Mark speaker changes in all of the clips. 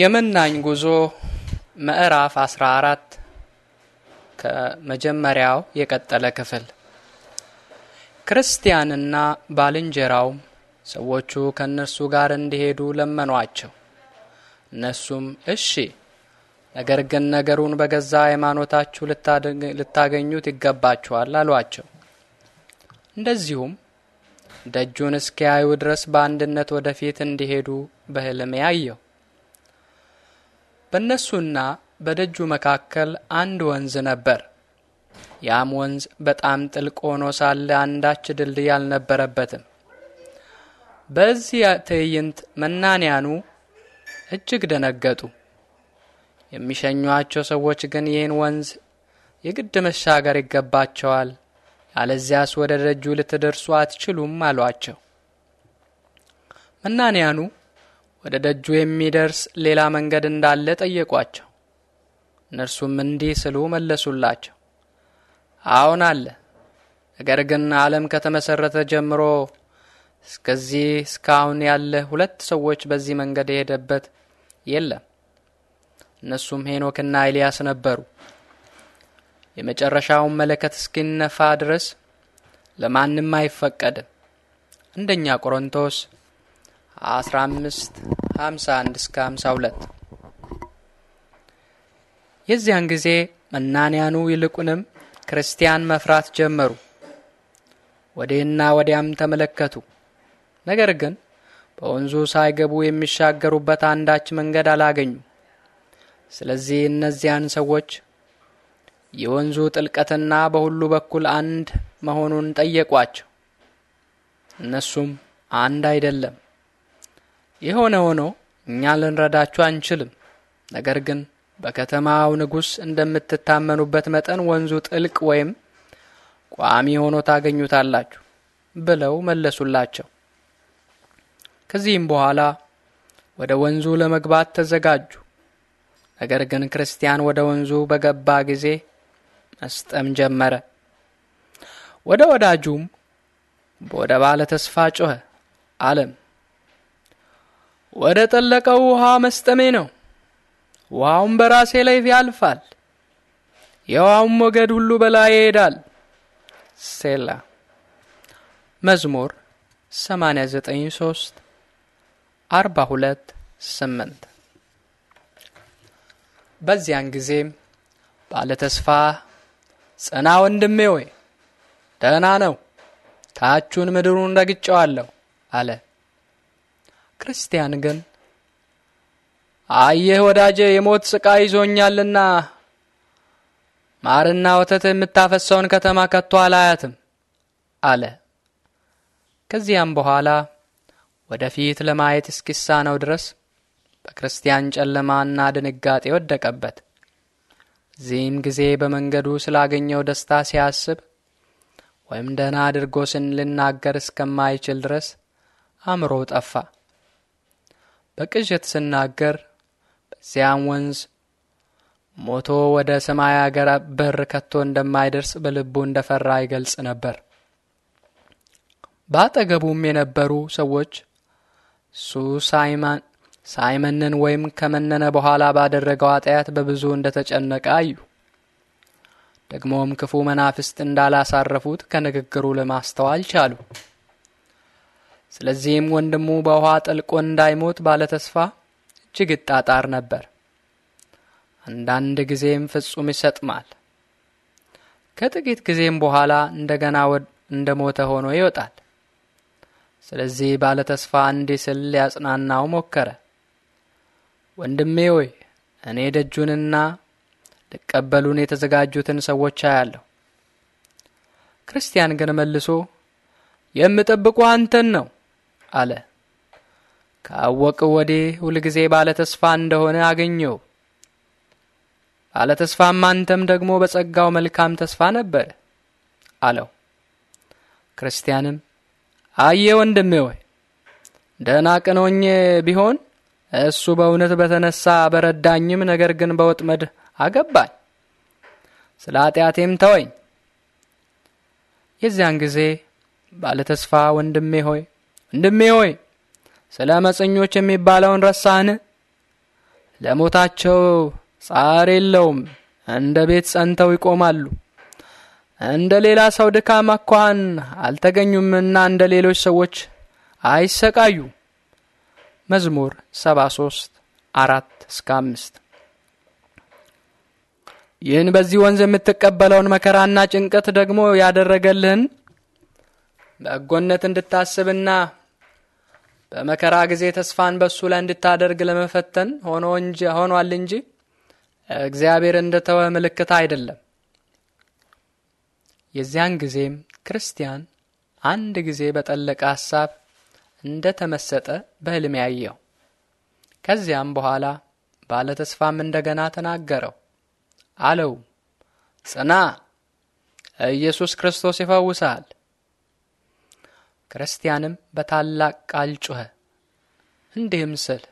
Speaker 1: የመናኝ ጉዞ ምዕራፍ 14 ከመጀመሪያው የቀጠለ ክፍል። ክርስቲያንና ባልንጀራውም ሰዎቹ ከእነርሱ ጋር እንዲሄዱ ለመኗቸው። እነሱም እሺ፣ ነገር ግን ነገሩን በገዛ ሃይማኖታችሁ ልታገኙት ይገባችኋል አሏቸው። እንደዚሁም ደጁን እስኪያዩ ድረስ በአንድነት ወደፊት እንዲሄዱ በሕልሜ አየሁ። በእነሱና በደጁ መካከል አንድ ወንዝ ነበር። ያም ወንዝ በጣም ጥልቅ ሆኖ ሳለ አንዳች ድልድይ አልነበረበትም። በዚህ ትዕይንት መናንያኑ እጅግ ደነገጡ። የሚሸኟቸው ሰዎች ግን ይህን ወንዝ የግድ መሻገር ይገባቸዋል፣ ያለዚያስ ወደ ደጁ ልትደርሱ አትችሉም አሏቸው። መናንያኑ ወደ ደጁ የሚደርስ ሌላ መንገድ እንዳለ ጠየቋቸው። እነርሱም እንዲህ ስሉ መለሱላቸው፣ አዎን አለ። ነገር ግን ዓለም ከተመሠረተ ጀምሮ እስከዚህ እስካሁን ያለ ሁለት ሰዎች በዚህ መንገድ የሄደበት የለም። እነሱም ሄኖክና ኤልያስ ነበሩ። የመጨረሻውን መለከት እስኪነፋ ድረስ ለማንም አይፈቀድም። አንደኛ ቆሮንቶስ 15 51 እስከ 52 የዚያን ጊዜ መናንያኑ ይልቁንም ክርስቲያን መፍራት ጀመሩ። ወዲህና ወዲያም ተመለከቱ። ነገር ግን በወንዙ ሳይገቡ የሚሻገሩበት አንዳች መንገድ አላገኙ። ስለዚህ እነዚያን ሰዎች የወንዙ ጥልቀትና በሁሉ በኩል አንድ መሆኑን ጠየቋቸው። እነሱም አንድ አይደለም የሆነ ሆኖ እኛ ልንረዳችሁ አንችልም። ነገር ግን በከተማው ንጉሥ እንደምትታመኑበት መጠን ወንዙ ጥልቅ ወይም ቋሚ ሆኖ ታገኙታላችሁ ብለው መለሱላቸው። ከዚህም በኋላ ወደ ወንዙ ለመግባት ተዘጋጁ። ነገር ግን ክርስቲያን ወደ ወንዙ በገባ ጊዜ መስጠም ጀመረ። ወደ ወዳጁም ወደ ባለ ተስፋ ጮኸ አለም ወደ ጠለቀው ውሃ መስጠሜ ነው። ውሃውም በራሴ ላይ ያልፋል፣ የውሃውም ሞገድ ሁሉ በላዬ ይሄዳል። ሴላ መዝሙር 89 3 42 8 በዚያን ጊዜም ባለ ተስፋ ጽና ወንድሜ ሆይ ደህና ነው፣ ታቹን ምድሩን ረግጨዋለሁ አለ። ክርስቲያን ግን አየህ ወዳጄ የሞት ስቃይ ይዞኛልና ማርና ወተት የምታፈሰውን ከተማ ከቶ አላያትም አለ። ከዚያም በኋላ ወደፊት ለማየት እስኪሳነው ድረስ በክርስቲያን ጨለማና ድንጋጤ ወደቀበት። እዚህም ጊዜ በመንገዱ ስላገኘው ደስታ ሲያስብ ወይም ደህና አድርጎ ስን ልናገር እስከማይችል ድረስ አእምሮ ጠፋ። በቅዠት ስናገር በዚያም ወንዝ ሞቶ ወደ ሰማይ አገር በር ከቶ እንደማይደርስ በልቡ እንደፈራ ይገልጽ ነበር። በአጠገቡም የነበሩ ሰዎች እሱ ሳይመንን ወይም ከመነነ በኋላ ባደረገው ኃጢአት በብዙ እንደተጨነቀ አዩ። ደግሞም ክፉ መናፍስት እንዳላሳረፉት ከንግግሩ ለማስተዋል ቻሉ። ስለዚህም ወንድሙ በውሃ ጠልቆ እንዳይሞት ባለተስፋ እጅግ ይጣጣር ነበር። አንዳንድ ጊዜም ፍጹም ይሰጥማል። ከጥቂት ጊዜም በኋላ እንደገና እንደ ሞተ ሆኖ ይወጣል። ስለዚህ ባለተስፋ እንዲህ ስል ሊያጽናናው ሞከረ። ወንድሜ ሆይ እኔ ደጁንና ሊቀበሉን የተዘጋጁትን ሰዎች አያለሁ። ክርስቲያን ግን መልሶ የምጠብቁ አንተን ነው አለ። ካወቅህ ወዲህ ሁልጊዜ ባለ ተስፋ እንደሆነ አገኘው። ባለ ተስፋም አንተም ደግሞ በጸጋው መልካም ተስፋ ነበር አለው። ክርስቲያንም አየ ወንድሜ ሆይ ደህና ቅኖኝ ቢሆን እሱ በእውነት በተነሳ በረዳኝም፣ ነገር ግን በወጥመድ አገባኝ፣ ስለ ኃጢአቴም ተወኝ። የዚያን ጊዜ ባለ ተስፋ ወንድሜ ሆይ ወንድሜ ሆይ ስለ አመፀኞች የሚባለውን ረሳህን? ለሞታቸው ጻር የለውም፣ እንደ ቤት ጸንተው ይቆማሉ። እንደ ሌላ ሰው ድካም አኳኋን አልተገኙምና እንደ ሌሎች ሰዎች አይሰቃዩ። መዝሙር 73 አራት እስከ አምስት ይህን በዚህ ወንዝ የምትቀበለውን መከራና ጭንቀት ደግሞ ያደረገልህን በጎነት እንድታስብና በመከራ ጊዜ ተስፋን በእሱ ላይ እንድታደርግ ለመፈተን ሆኖ እንጂ ሆኗል እንጂ እግዚአብሔር እንደተወ ምልክት አይደለም። የዚያን ጊዜም ክርስቲያን አንድ ጊዜ በጠለቀ ሐሳብ እንደ ተመሰጠ በሕልም ያየው። ከዚያም በኋላ ባለ ተስፋም እንደገና ተናገረው አለው፣ ጽና ኢየሱስ ክርስቶስ ይፈውሳል። ክርስቲያንም በታላቅ ቃል ጮኸ፣ እንዲህም ስል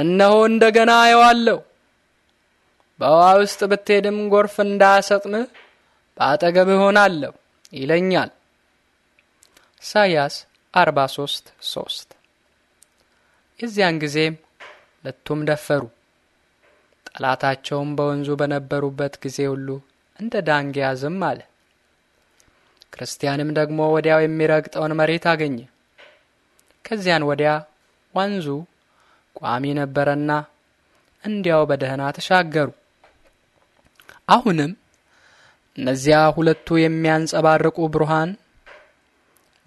Speaker 1: እነሆ እንደ ገና አየዋለሁ። በውሃ ውስጥ ብትሄድም ጎርፍ እንዳያሰጥምህ በአጠገብ እሆናለሁ ይለኛል። ኢሳይያስ 43 3 የዚያን ጊዜም ሁለቱም ደፈሩ። ጠላታቸውም በወንዙ በነበሩበት ጊዜ ሁሉ እንደ ዳንግያ ዝም አለ። ክርስቲያንም ደግሞ ወዲያው የሚረግጠውን መሬት አገኘ። ከዚያን ወዲያ ወንዙ ቋሚ ነበረና እንዲያው በደህና ተሻገሩ። አሁንም እነዚያ ሁለቱ የሚያንጸባርቁ ብሩሃን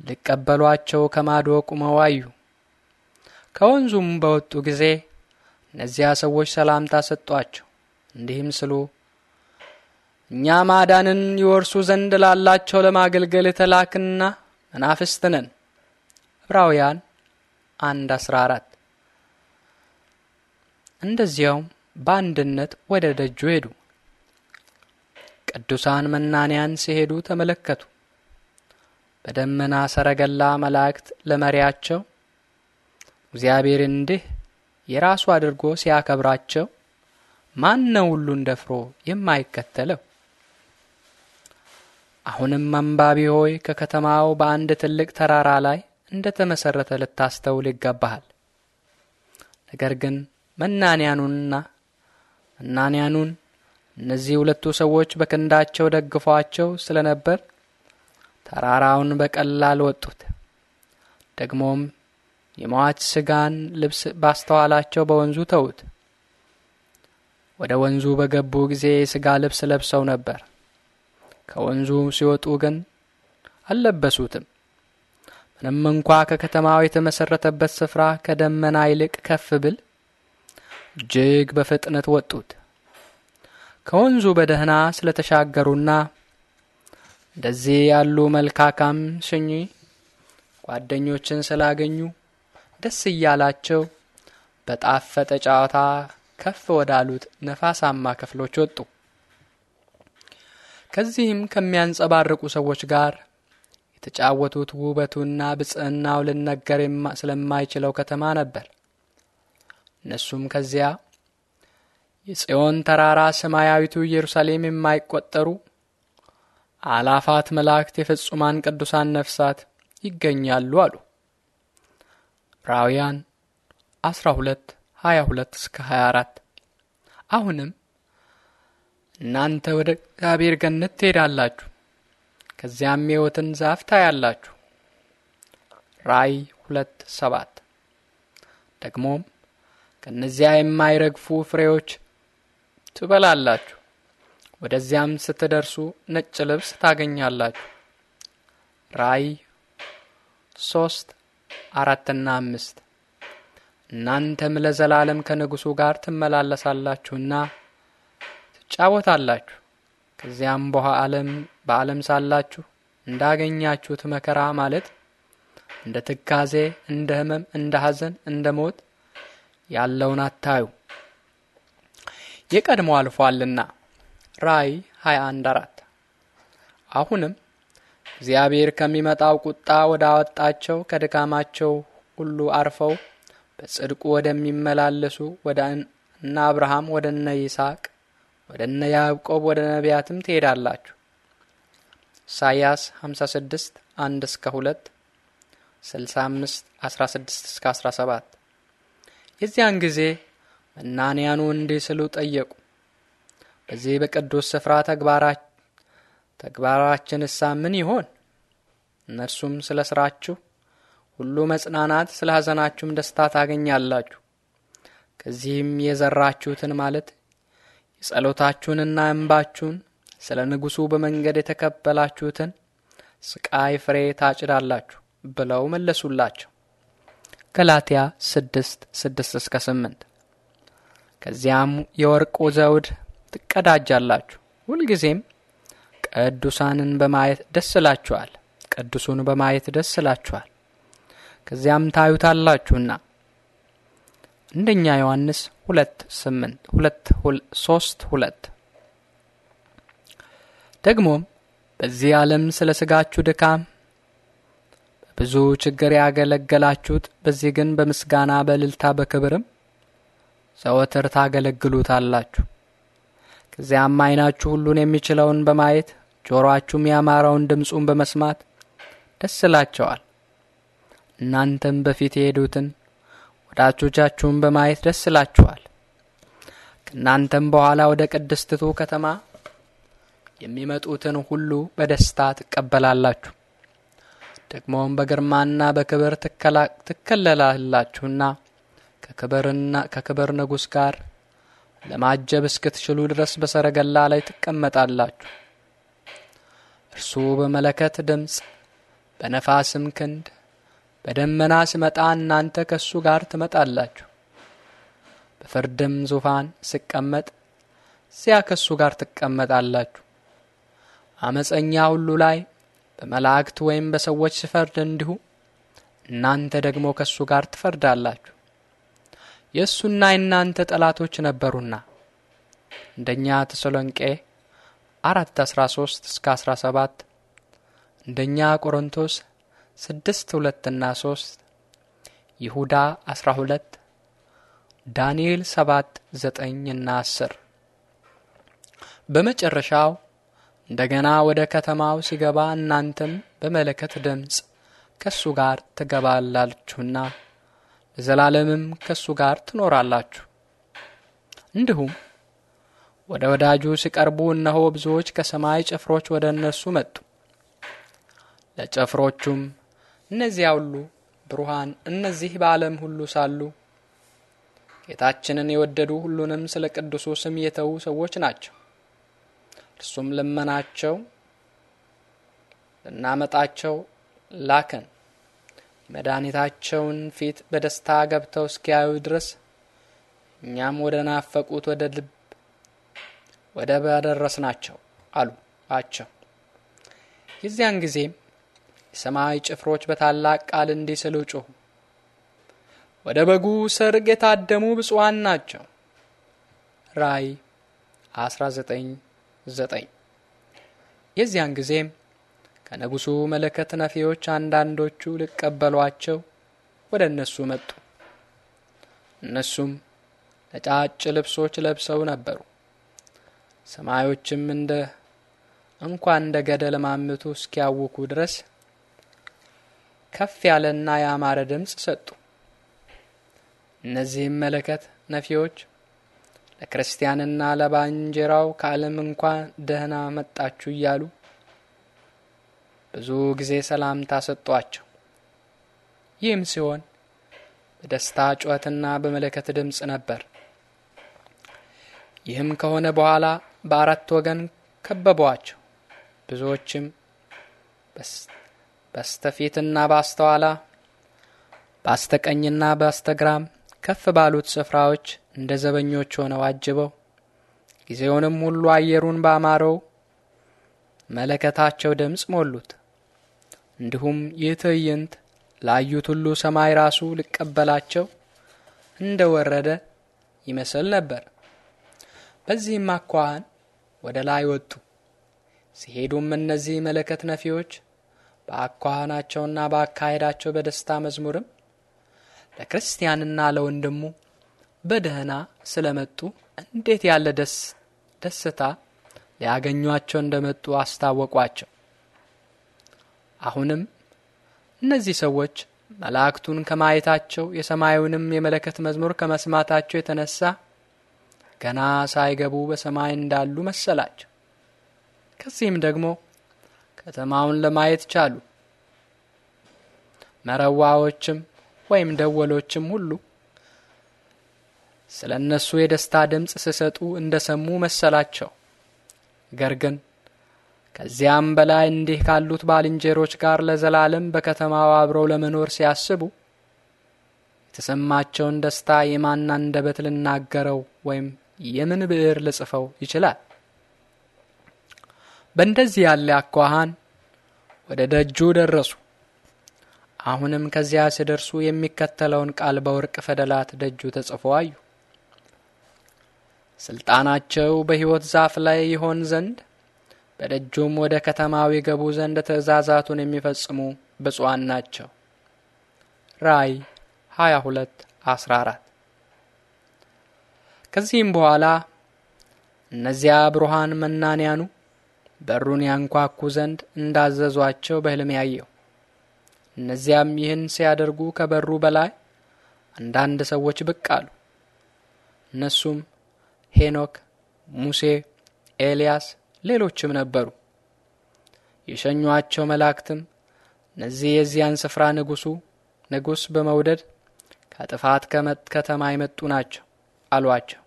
Speaker 1: ሊቀበሏቸው ከማዶ ቁመው አዩ። ከወንዙም በወጡ ጊዜ እነዚያ ሰዎች ሰላምታ ሰጧቸው። እንዲህም ስሉ እኛ ማዳንን ይወርሱ ዘንድ ላላቸው ለማገልገል የተላክና መናፍስት ነን። ዕብራውያን አንድ አስራ አራት እንደዚያውም በአንድነት ወደ ደጁ ሄዱ። ቅዱሳን መናንያን ሲሄዱ ተመለከቱ። በደመና ሰረገላ መላእክት ለመሪያቸው እግዚአብሔር እንዲህ የራሱ አድርጎ ሲያከብራቸው ማን ነው ሁሉን ደፍሮ የማይከተለው? አሁንም አንባቢ ሆይ ከከተማው በአንድ ትልቅ ተራራ ላይ እንደ ተመሠረተ ልታስተውል ይገባሃል። ነገር ግን መናንያኑንና መናንያኑን እነዚህ ሁለቱ ሰዎች በክንዳቸው ደግፏቸው ስለ ነበር ተራራውን በቀላል ወጡት። ደግሞም የሟች ስጋን ልብስ ባስተዋላቸው በወንዙ ተዉት። ወደ ወንዙ በገቡ ጊዜ የሥጋ ልብስ ለብሰው ነበር። ከወንዙ ሲወጡ ግን አልለበሱትም። ምንም እንኳ ከከተማው የተመሰረተበት ስፍራ ከደመና ይልቅ ከፍ ብል እጅግ በፍጥነት ወጡት። ከወንዙ በደህና ስለተሻገሩና እንደዚህ ያሉ መልካካም ሽኝ ጓደኞችን ስላገኙ ደስ እያላቸው በጣፈጠ ጨዋታ ከፍ ወዳሉት ነፋሳማ ክፍሎች ወጡ። ከዚህም ከሚያንጸባርቁ ሰዎች ጋር የተጫወቱት ውበቱና ብጽዕናው ልነገር ስለማይችለው ከተማ ነበር። እነሱም ከዚያ የጽዮን ተራራ ሰማያዊቱ ኢየሩሳሌም የማይቆጠሩ አላፋት መላእክት የፍጹማን ቅዱሳን ነፍሳት ይገኛሉ አሉ። ራውያን 12 22 እስከ 24 አሁንም እናንተ ወደ እግዚአብሔር ገነት ትሄዳላችሁ፣ ከዚያም ሕይወትን ዛፍ ታያላችሁ። ራእይ ሁለት ሰባት ደግሞም ከእነዚያ የማይረግፉ ፍሬዎች ትበላላችሁ፣ ወደዚያም ስትደርሱ ነጭ ልብስ ታገኛላችሁ። ራእይ ሶስት አራትና አምስት እናንተም ለዘላለም ከንጉሡ ጋር ትመላለሳላችሁና ትጫወታላችሁ። ከዚያም በዓለም በዓለም ሳላችሁ እንዳገኛችሁት መከራ ማለት እንደ ትካዜ፣ እንደ ህመም፣ እንደ ሐዘን፣ እንደ ሞት ያለውን አታዩ የቀድሞ አልፏልና። ራይ 21 አራት አሁንም እግዚአብሔር ከሚመጣው ቁጣ አወጣቸው ከድካማቸው ሁሉ አርፈው በጽድቁ ወደሚመላለሱ ወደ እነ አብርሃም ወደ እነ ይስሐቅ ወደ እነ ያዕቆብ ወደ ነቢያትም ትሄዳላችሁ። ኢሳይያስ 56 1 እስከ 2 65 16 እስከ 17 የዚያን ጊዜ መናንያኑ እንዲህ ስሉ ጠየቁ። በዚህ በቅዱስ ስፍራ ተግባራችን እሳ ምን ይሆን? እነርሱም ስለ ስራችሁ ሁሉ መጽናናት፣ ስለ ሐዘናችሁም ደስታ ታገኛላችሁ። ከዚህም የዘራችሁትን ማለት የጸሎታችሁንና እንባችሁን ስለ ንጉሡ በመንገድ የተከበላችሁትን ስቃይ ፍሬ ታጭዳላችሁ ብለው መለሱላቸው። ገላትያ 6 6 እስከ 8 ከዚያም የወርቁ ዘውድ ትቀዳጃላችሁ። ሁልጊዜም ቅዱሳንን በማየት ደስ ይላችኋል። ቅዱሱን በማየት ደስ ላችኋል ከዚያም ታዩታላችሁና አንደኛ ዮሐንስ ሁለት ስምንት ሁለት ሶስት ሁለት ደግሞም በዚህ ዓለም ስለ ስጋችሁ ድካም በብዙ ችግር ያገለገላችሁት በዚህ ግን በምስጋና በልልታ በክብርም ዘወትር ታገለግሉታላችሁ። ከዚያም ዓይናችሁ ሁሉን የሚችለውን በማየት ጆሮአችሁም ያማረውን ድምፁን በመስማት ደስ ይላቸዋል። እናንተም በፊት የሄዱትን ወዳጆቻችሁን በማየት ደስ ይላችኋል። ከእናንተም በኋላ ወደ ቅድስትቱ ከተማ የሚመጡትን ሁሉ በደስታ ትቀበላላችሁ። ደግሞም በግርማና በክብር ትከለላላችሁና ከክብር ንጉሥ ጋር ለማጀብ እስክትችሉ ድረስ በሰረገላ ላይ ትቀመጣላችሁ። እርሱ በመለከት ድምፅ በነፋስም ክንድ በደመና ሲመጣ እናንተ ከእሱ ጋር ትመጣላችሁ፣ በፍርድም ዙፋን ስቀመጥ እዚያ ከእሱ ጋር ትቀመጣላችሁ። አመፀኛ ሁሉ ላይ በመላእክት ወይም በሰዎች ስፈርድ እንዲሁ እናንተ ደግሞ ከእሱ ጋር ትፈርዳላችሁ። የእሱና የእናንተ ጠላቶች ነበሩና እንደኛ ተሰሎንቄ አራት አስራ ሶስት እስከ አስራ ሰባት እንደኛ ቆሮንቶስ ስድስት ሁለትና ሶስት ይሁዳ አስራ ሁለት ዳንኤል ሰባት ዘጠኝና አስር በመጨረሻው እንደገና ወደ ከተማው ሲገባ እናንተም በመለከት ድምፅ ከእሱ ጋር ትገባላችሁና ለዘላለምም ከእሱ ጋር ትኖራላችሁ። እንዲሁም ወደ ወዳጁ ሲቀርቡ እነሆ ብዙዎች ከሰማይ ጭፍሮች ወደ እነሱ መጡ። ለጭፍሮቹም እነዚያ ሁሉ ብሩሃን እነዚህ በዓለም ሁሉ ሳሉ ጌታችንን የወደዱ ሁሉንም ስለ ቅዱሱ ስም የተዉ ሰዎች ናቸው። እርሱም ልመናቸው ልናመጣቸው ላከን። መድኃኒታቸውን ፊት በደስታ ገብተው እስኪያዩ ድረስ እኛም ወደ ናፈቁት ወደ ልብ ወደ ባደረስ ናቸው አሉ አቸው። የዚያን ጊዜም የሰማይ ጭፍሮች በታላቅ ቃል እንዲህ ሲሉ ወደ በጉ ሰርግ የታደሙ ብፁዓን ናቸው። ራይ 19፥9 የዚያን ጊዜም ከንጉሡ መለከት ነፊዎች አንዳንዶቹ ሊቀበሏቸው ወደ እነሱ መጡ። እነሱም ነጫጭ ልብሶች ለብሰው ነበሩ። ሰማዮችም እንደ እንኳን እንደ ገደል ማምቱ እስኪያውኩ ድረስ ከፍ ያለና ያማረ ድምፅ ሰጡ። እነዚህም መለከት ነፊዎች ለክርስቲያንና ለባንጀራው ከዓለም እንኳን ደህና መጣችሁ እያሉ ብዙ ጊዜ ሰላምታ ሰጧቸው። ይህም ሲሆን በደስታ ጩኸትና በመለከት ድምፅ ነበር። ይህም ከሆነ በኋላ በአራት ወገን ከበቧቸው። ብዙዎችም በስተፊትና ባስተኋላ በስተቀኝና በስተግራም ከፍ ባሉት ስፍራዎች እንደ ዘበኞች ሆነው አጅበው ጊዜውንም ሁሉ አየሩን ባማረው መለከታቸው ድምፅ ሞሉት። እንዲሁም ይህ ትዕይንት ላዩት ሁሉ ሰማይ ራሱ ሊቀበላቸው እንደ ወረደ ይመስል ነበር። በዚህም አኳኋን ወደ ላይ ወጡ። ሲሄዱም እነዚህ መለከት ነፊዎች በአኳኋናቸውና በአካሄዳቸው በደስታ መዝሙርም ለክርስቲያንና ለወንድሙ በደህና ስለመጡ እንዴት ያለ ደስታ ሊያገኟቸው እንደመጡ አስታወቋቸው። አሁንም እነዚህ ሰዎች መላእክቱን ከማየታቸው የሰማዩንም የመለከት መዝሙር ከመስማታቸው የተነሳ ገና ሳይገቡ በሰማይ እንዳሉ መሰላቸው። ከዚህም ደግሞ ከተማውን ለማየት ቻሉ። መረዋዎችም ወይም ደወሎችም ሁሉ ስለ እነሱ የደስታ ድምፅ ሲሰጡ እንደ ሰሙ መሰላቸው። ነገር ግን ከዚያም በላይ እንዲህ ካሉት ባልንጀሮች ጋር ለዘላለም በከተማው አብረው ለመኖር ሲያስቡ የተሰማቸውን ደስታ የማን አንደበት ልናገረው ወይም የምን ብዕር ልጽፈው ይችላል? በእንደዚህ ያለ አኳኋን ወደ ደጁ ደረሱ። አሁንም ከዚያ ሲደርሱ የሚከተለውን ቃል በወርቅ ፊደላት ደጁ ተጽፎ አዩ። ስልጣናቸው በሕይወት ዛፍ ላይ ይሆን ዘንድ በደጁም ወደ ከተማው ይገቡ ዘንድ ትእዛዛቱን የሚፈጽሙ ብፁዓን ናቸው። ራእይ 22 14 ከዚህም በኋላ እነዚያ ብሩሃን መናንያኑ በሩን ያንኳኩ ዘንድ እንዳዘዟቸው በሕልም ያየው። እነዚያም ይህን ሲያደርጉ ከበሩ በላይ አንዳንድ ሰዎች ብቅ አሉ። እነሱም ሄኖክ፣ ሙሴ፣ ኤልያስ ሌሎችም ነበሩ። የሸኟቸው መላእክትም እነዚህ የዚያን ስፍራ ንጉሱ ንጉሥ በመውደድ ከጥፋት ከተማ የመጡ ናቸው አሏቸው።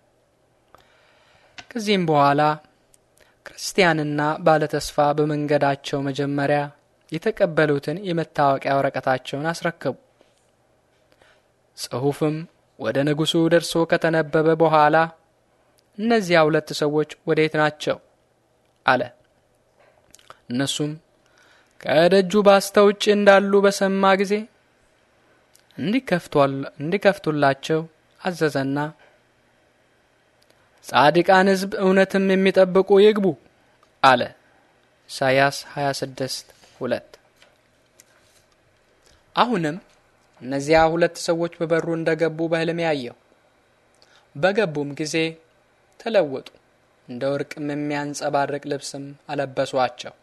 Speaker 1: ከዚህም በኋላ ክርስቲያንና ባለተስፋ በመንገዳቸው መጀመሪያ የተቀበሉትን የመታወቂያ ወረቀታቸውን አስረከቡ። ጽሑፍም ወደ ንጉሡ ደርሶ ከተነበበ በኋላ እነዚያ ሁለት ሰዎች ወዴት ናቸው? አለ። እነሱም ከደጁ ባስተ ውጭ እንዳሉ በሰማ ጊዜ እንዲከፍቱላቸው አዘዘና ጻድቃን ሕዝብ እውነትም የሚጠብቁ ይግቡ አለ። ኢሳይያስ 26 2 አሁንም እነዚያ ሁለት ሰዎች በበሩ እንደገቡ በሕልሜ ያየው። በገቡም ጊዜ ተለወጡ፣ እንደ ወርቅም የሚያንጸባርቅ ልብስም አለበሷቸው።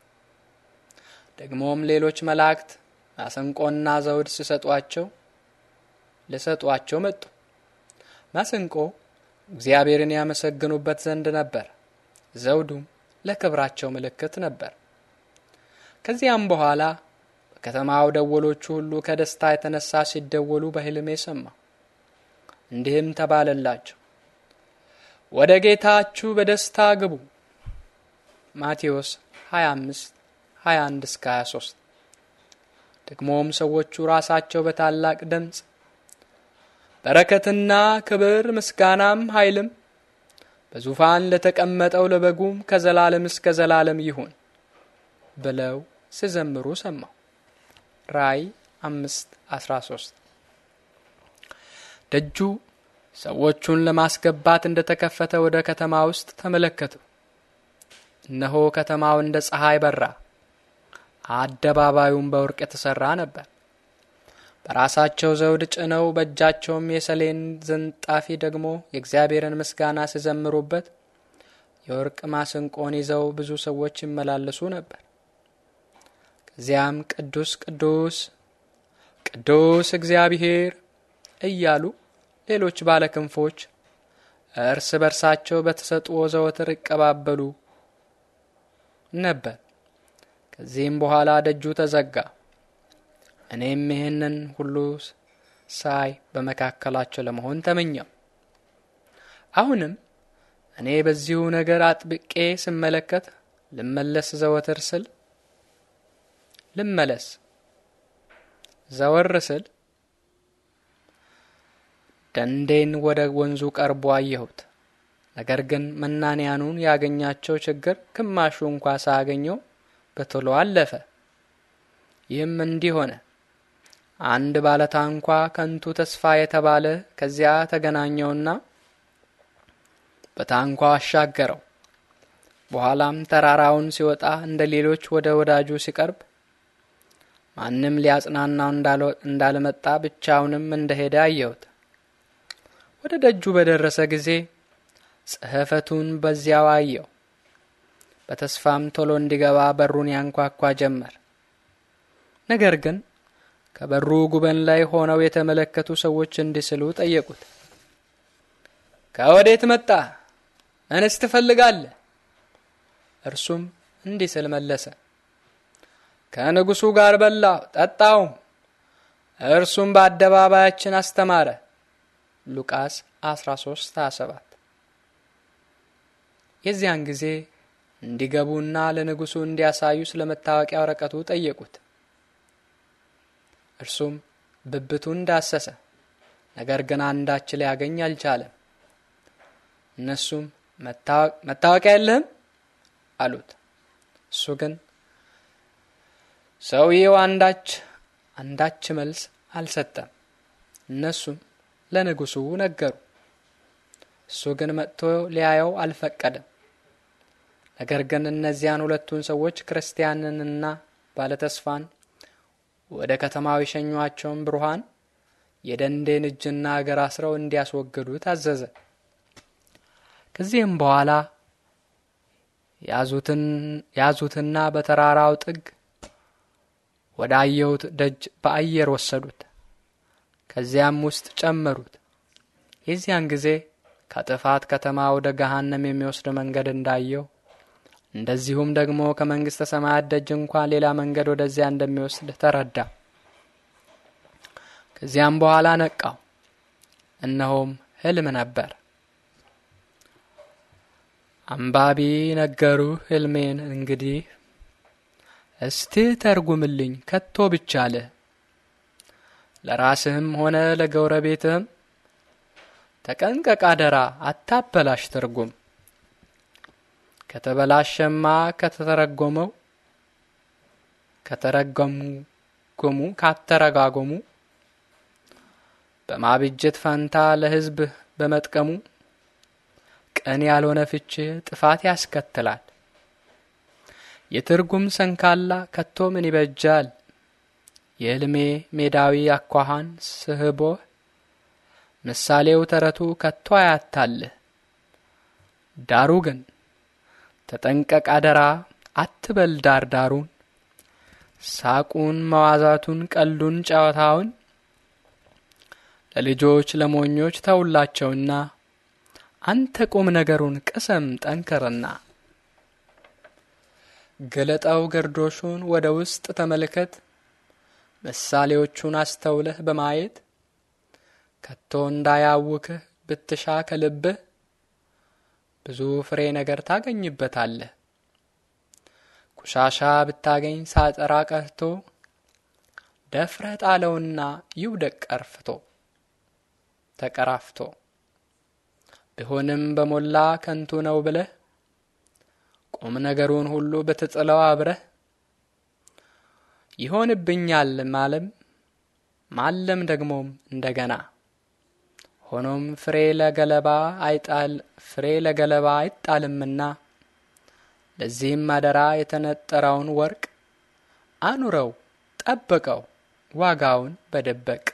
Speaker 1: ደግሞም ሌሎች መላእክት ማሰንቆና ዘውድ ሲሰጧቸው ልሰጧቸው መጡ። ማሰንቆ እግዚአብሔርን ያመሰግኑበት ዘንድ ነበር። ዘውዱም ለክብራቸው ምልክት ነበር። ከዚያም በኋላ በከተማው ደወሎቹ ሁሉ ከደስታ የተነሳ ሲደወሉ በሕልሜ ሰማ። እንዲህም ተባለላቸው፣ ወደ ጌታችሁ በደስታ ግቡ። ማቴዎስ 25 21 እስከ 23። ደግሞም ሰዎቹ ራሳቸው በታላቅ ድምፅ በረከትና ክብር ምስጋናም ኃይልም በዙፋን ለተቀመጠው ለበጉም ከዘላለም እስከ ዘላለም ይሁን ብለው ሲዘምሩ ሰማው። ራይ 5 13 ደጁ ሰዎቹን ለማስገባት እንደ ተከፈተ ወደ ከተማ ውስጥ ተመለከቱ። እነሆ ከተማው እንደ ፀሐይ በራ፣ አደባባዩም በወርቅ የተሰራ ነበር። በራሳቸው ዘውድ ጭነው በእጃቸውም የሰሌን ዝንጣፊ ደግሞ የእግዚአብሔርን ምስጋና ሲዘምሩበት የወርቅ ማስንቆን ይዘው ብዙ ሰዎች ይመላለሱ ነበር። ከዚያም ቅዱስ ቅዱስ ቅዱስ እግዚአብሔር እያሉ ሌሎች ባለክንፎች እርስ በርሳቸው በተሰጥኦ ዘወትር ይቀባበሉ ነበር። ከዚህም በኋላ ደጁ ተዘጋ። እኔም ይህንን ሁሉ ሳይ በመካከላቸው ለመሆን ተመኘው። አሁንም እኔ በዚሁ ነገር አጥብቄ ስመለከት ልመለስ ዘወትር ስል ልመለስ ዘወር ስል ደንዴን ወደ ወንዙ ቀርቦ አየሁት። ነገር ግን መናንያኑን ያገኛቸው ችግር ግማሹ እንኳ ሳያገኘው በቶሎ አለፈ። ይህም እንዲህ ሆነ። አንድ ባለታንኳ ከንቱ ተስፋ የተባለ ከዚያ ተገናኘውና በታንኳ አሻገረው። በኋላም ተራራውን ሲወጣ እንደ ሌሎች ወደ ወዳጁ ሲቀርብ ማንም ሊያጽናናው እንዳልመጣ ብቻውንም እንደሄደ አየሁት። ወደ ደጁ በደረሰ ጊዜ ጽሕፈቱን በዚያው አየው። በተስፋም ቶሎ እንዲገባ በሩን ያንኳኳ ጀመር። ነገር ግን ከበሩ ጉበን ላይ ሆነው የተመለከቱ ሰዎች እንዲስሉ ጠየቁት። ከወዴት መጣ? ምንስ ትፈልጋለህ? እርሱም እንዲህ ስል መለሰ፣ ከንጉሱ ጋር በላው ጠጣውም፣ እርሱም በአደባባያችን አስተማረ። ሉቃስ 13:27 የዚያን ጊዜ እንዲገቡና ለንጉሱ እንዲያሳዩ ስለ መታወቂያ ወረቀቱ ጠየቁት። እርሱም ብብቱን ዳሰሰ፣ ነገር ግን አንዳች ሊያገኝ አልቻለም። እነሱም መታወቂያ የለህም አሉት። እሱ ግን ሰውየው አንዳች አንዳች መልስ አልሰጠም። እነሱም ለንጉሡ ነገሩ። እሱ ግን መጥቶ ሊያየው አልፈቀደም። ነገር ግን እነዚያን ሁለቱን ሰዎች ክርስቲያንንና ባለተስፋን ወደ ከተማው የሸኟቸውን ብሩሃን የደንዴን እጅና እግር አስረው እንዲያስወግዱ ታዘዘ። ከዚህም በኋላ ያዙትና በተራራው ጥግ ወዳየሁት ደጅ በአየር ወሰዱት። ከዚያም ውስጥ ጨመሩት። የዚያን ጊዜ ከጥፋት ከተማ ወደ ገሃነም የሚወስድ መንገድ እንዳየው እንደዚሁም ደግሞ ከመንግሥተ ሰማያት ደጅ እንኳ ሌላ መንገድ ወደዚያ እንደሚወስድ ተረዳ። ከዚያም በኋላ ነቃው፣ እነሆም ህልም ነበር። አንባቢ ነገሩ ህልሜን እንግዲህ እስቲ ተርጉምልኝ ከቶ ብቻለህ፣ ለራስህም ሆነ ለጎረቤትህም ተጠንቀቅ፣ አደራ አታበላሽ፣ ትርጉም። ከተበላሸማ ከተተረጎመው ከተረጎሙ ካተረጋጎሙ በማብጀት ፈንታ ለሕዝብ በመጥቀሙ ቀን ያልሆነ ፍቺ ጥፋት ያስከትላል። የትርጉም ሰንካላ ከቶ ምን ይበጃል? የዕልሜ ሜዳዊ አኳኋን ስህቦ ምሳሌው ተረቱ ከቶ አያታልህ ዳሩ ግን ተጠንቀቅ አደራ አትበል ዳርዳሩን ሳቁን መዋዛቱን ቀልዱን ጨዋታውን ለልጆች ለሞኞች ተውላቸውና አንተ ቁም ነገሩን ቅሰም ጠንከርና ገለጣው ገርዶሹን ወደ ውስጥ ተመልከት ምሳሌዎቹን አስተውለህ በማየት ከቶ እንዳያውክህ ብትሻ ከልብህ ብዙ ፍሬ ነገር ታገኝበታለህ። ቆሻሻ ብታገኝ ሳጠራ ቀርቶ ደፍረ ጣለውና ይውደቅ ቀርፍቶ ተቀራፍቶ ቢሆንም በሞላ ከንቱ ነው ብለህ ቁም ነገሩን ሁሉ ብትጥለው አብረህ ይሆንብኛል ማለም ማለም ደግሞም እንደገና ሆኖም ፍሬ ለገለባ አይጣል ፍሬ ለገለባ አይጣልምና ለዚህም አደራ የተነጠረውን ወርቅ አኑረው ጠብቀው ዋጋውን በደበቅ